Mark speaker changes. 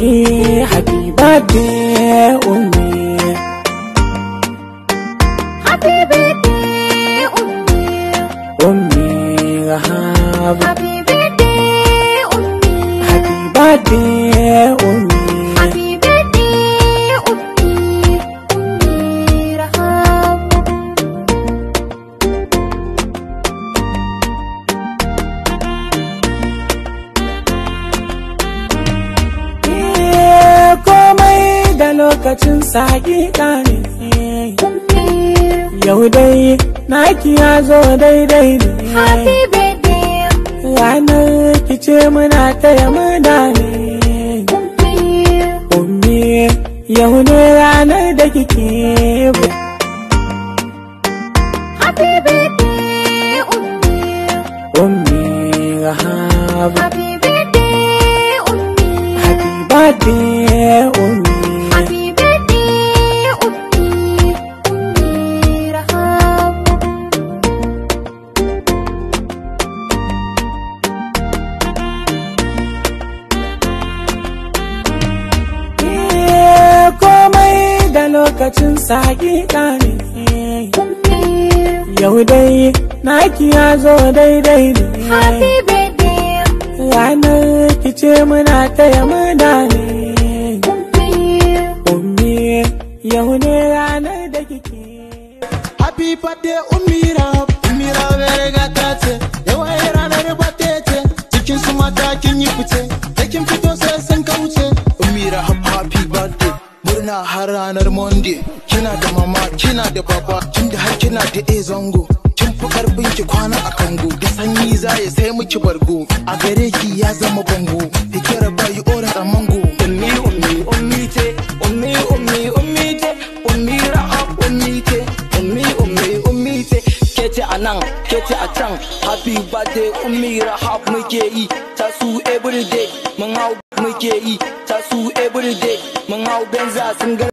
Speaker 1: Hey, happy birthday, Happy birthday, happy birthday, Happy birthday.
Speaker 2: lokacin sa hakika ne yau dai naki ya zo daidai ne ranar kice muna taya mada ne ummi yau ne ranar da kike bu
Speaker 1: Happy birthday, Ummi. Happy birthday,
Speaker 2: lokacin sa ne yau dai naki ya zo daidai ne ranar kice muna taya muna ne ummi yau ne ranar da kike happy birthday ummi
Speaker 3: har ranar monday kina da mama kina da baba kin da har kina da a zango kin fi karfin ki kwana a kango da sanyi za ya sai miki bargo a gare ki ya zama bango fikira bayi oran a mango ummi ummi ummi ummi ummi ummi ummi ummi ummi ummi ummi a nan kece a can happy birthday ummi rahab muke yi ta su everyday mun hau muke yi ta su
Speaker 4: everyday mun hau benza sun